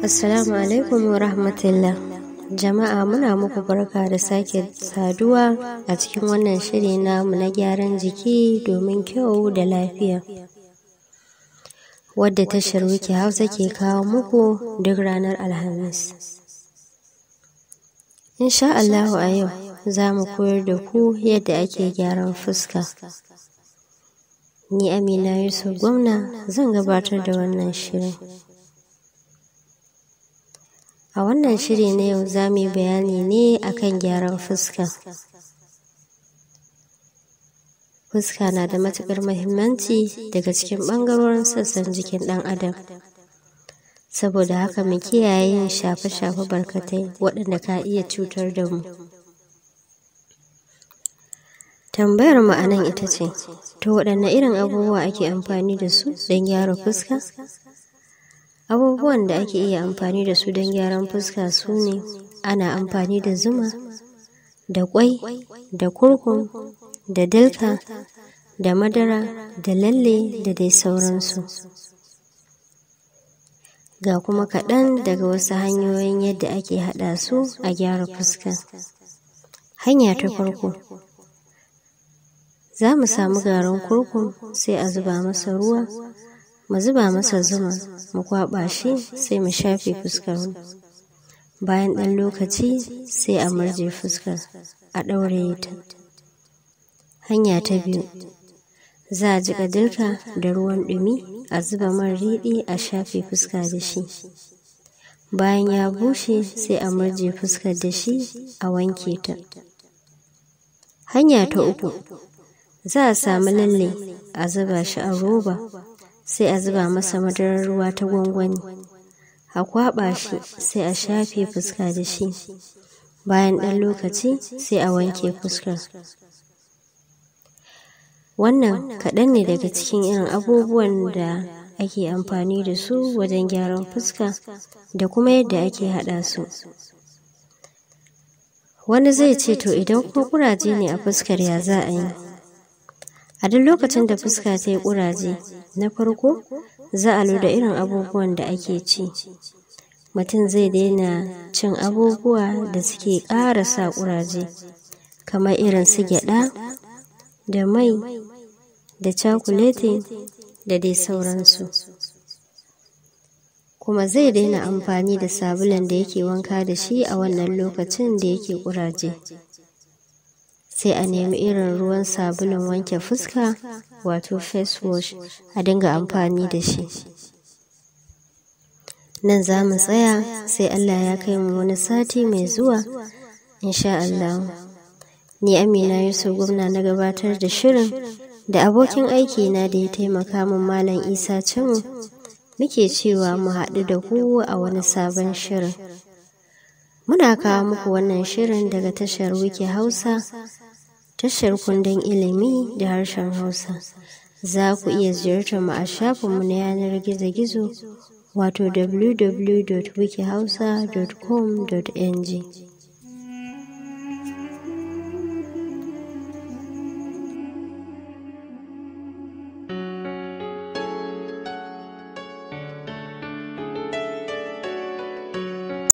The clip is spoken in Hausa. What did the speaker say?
Assalamu alaikum wa rahmatullah. Jama'a muna muku barka da sake saduwa a cikin wannan shiri namu na gyaran jiki domin kyau da lafiya. Wadda tashar wiki Hausa ke kawo muku duk ranar Alhamis. Insha Allahu a yau za mu koyar da ku yadda ake gyaran fuska. Ni Amina Yusuf Gwamna zan gabatar da wannan shirin. A wannan shiri na yau za mu yi bayani ne akan gyaran fuska. Fuska na da matukar mahimmanci daga cikin ɓangarorin sassan jikin ɗan adam. Saboda haka mu kiyaye yin shafe-shafe barkatai waɗanda ka iya cutar da mu. Tambayar mu a nan ita ce, to waɗanne irin abubuwa ake amfani da su don gyara fuska? abubuwan da ake iya amfani da su don gyaran fuska su ne ana amfani da zuma da kwai da kurkum da dilka da madara da lalle da dai sauransu ga kuma kaɗan daga wasu hanyoyin yadda ake haɗa su a gyara fuska hanya ta farko za mu samu garin kurkum sai a zuba masa ruwa mu zuba masa zuma mu kwaɓa shi sai mu shafe fuskar mu bayan ɗan lokaci sai a murje fuskar a ɗaure ta hanya ta biyu za a jiƙa da ruwan ɗumi a zuba man riɗi a shafe fuska da shi bayan ya bushe sai a murje fuskar da shi a wanke ta hanya ta uku za a samu lalle a zuba shi a roba sai a zuba masa madarar ruwa ta gwangwani a kwaɓa shi sai a shafe fuska da shi bayan ɗan lokaci sai a wanke fuskar wannan kaɗan ne daga cikin irin abubuwan da ake amfani da su wajen gyaran fuska da kuma yadda ake haɗa su wani zai ce to idan kuma kuraje ne a fuskar ya za a yi A duk lokacin da fuska ta yi ƙuraje, na farko za a lura irin abubuwan da ake ci. Mutum zai daina cin abubuwa da suke ƙara sa ƙuraje, kamar irin su gyaɗa, da mai, da cakuleti, da dai sauransu. Kuma zai daina amfani da sabulun da yake wanka da shi a wannan lokacin da yake ƙuraje. sai a nemi irin ruwan sabulun wanke fuska wato face wash a dinga amfani da shi nan za mu tsaya sai allah ya kai mu wani sati mai zuwa insha allah ni amina yusuf gwamna na gabatar da shirin da abokin aiki na da ya taimaka min malam isa cimu muke cewa mu haɗu da ku a wani sabon shirin Muna kawo muku wannan shirin daga tashar Wiki Hausa tashar kundin ilimi da harshen Hausa. Za ku iya ziyartar mu a shafinmu na yanar gizo-gizo wato www.wikihausa.com.ng.